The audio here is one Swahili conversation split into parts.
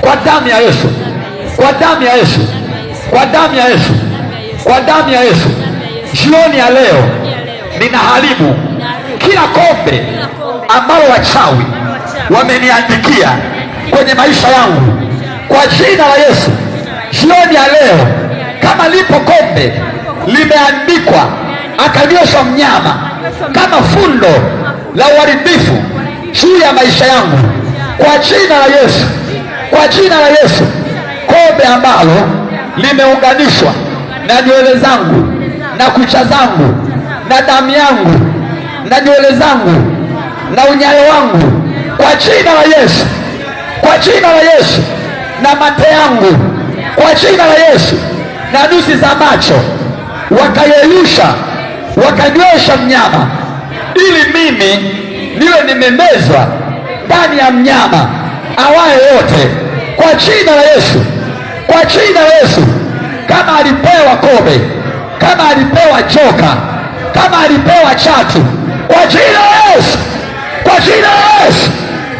kwa damu ya Yesu, kwa damu ya Yesu, kwa damu ya Yesu, kwa damu ya Yesu. Jioni ya leo ninaharibu kila kombe ambalo wachawi wameniandikia kwenye maisha yangu kwa jina la Yesu. Jioni ya leo, kama lipo kombe limeandikwa akanyoshwa mnyama kama fundo la uharibifu juu ya maisha yangu kwa jina la Yesu kwa jina la Yesu, kombe ambalo limeunganishwa na nywele zangu na kucha zangu na damu yangu na nywele zangu na unyayo wangu, kwa jina la Yesu, kwa jina la Yesu, na mate yangu, kwa jina la Yesu, na nusi za macho, wakayeyusha wakanywesha mnyama, ili mimi niwe nimemezwa ndani ya mnyama awaye wote, kwa jina la Yesu, kwa jina la Yesu. Kama alipewa kobe, kama alipewa choka kama alipewa chatu, kwa jina la Yesu, kwa jina la Yesu,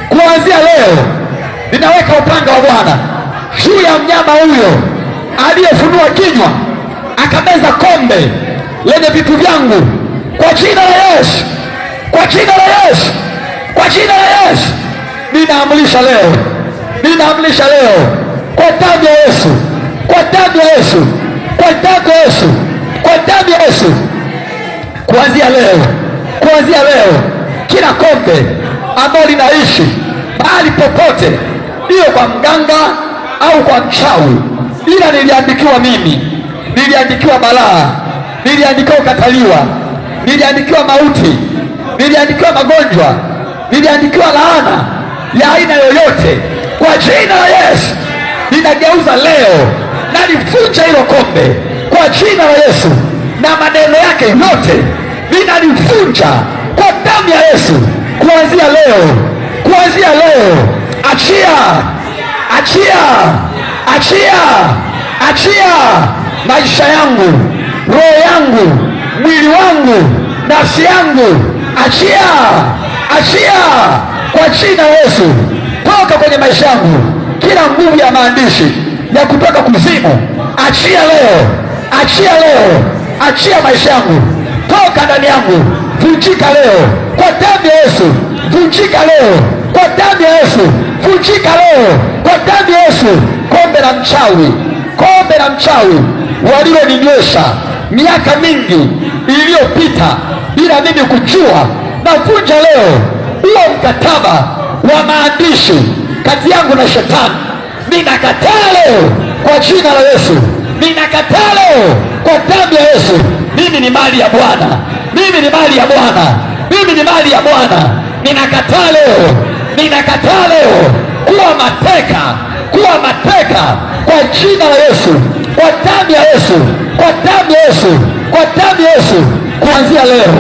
kuanzia leo ninaweka upanga wa Bwana juu ya mnyama huyo aliyefunua kinywa akameza kombe lenye vitu vyangu, kwa jina la Yesu, kwa jina la Yesu, kwa jina ninaamlisha leo, ninaamlisha leo kwa damu ya Yesu, kwa damu ya Yesu, kwa damu ya Yesu, kwa damu ya Yesu, kuanzia leo, kuanzia leo, kila kombe ambalo linaishi mahali popote, hiyo kwa mganga au kwa mchawi, ila niliandikiwa mimi, niliandikiwa balaa, niliandikiwa ukataliwa, niliandikiwa mauti, niliandikiwa magonjwa, niliandikiwa laana ya aina yoyote kwa jina la Yesu ninageuza leo, na nivunja hilo kombe kwa jina la Yesu, na maneno yake yote ninalifunja kwa damu ya Yesu kuanzia leo, kuanzia leo. Achia, achia, achia, achia maisha yangu, roho yangu, mwili wangu, nafsi yangu, achia, achia kwa jina Yesu, toka kwenye maisha yangu kila nguvu ya maandishi ya kutoka kuzimu, achia leo, achia leo, achia maisha yangu, toka ndani yangu, vunjika leo kwa damu ya Yesu, vunjika leo kwa damu ya Yesu, vunjika leo kwa damu ya Yesu. Kombe la mchawi, kombe la mchawi waliloninywesha miaka mingi iliyopita bila mimi kujua, navunja leo huo mkataba wa maandishi kati yangu na shetani, ninakataa leo kwa jina la Yesu, ninakataa leo kwa damu ya Yesu. Mimi ni mali ya Bwana, mimi ni mali ya Bwana, mimi ni mali ya Bwana. Ninakataa leo, ninakataa leo kuwa mateka, kuwa mateka kwa jina la Yesu, kwa damu ya Yesu, kwa damu ya Yesu, kwa damu ya Yesu. Kuanzia leo,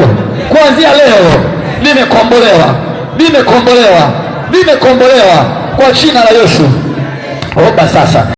kuanzia leo nimekombolewa limekombolewa, limekombolewa kwa jina la Yesu. Omba sasa.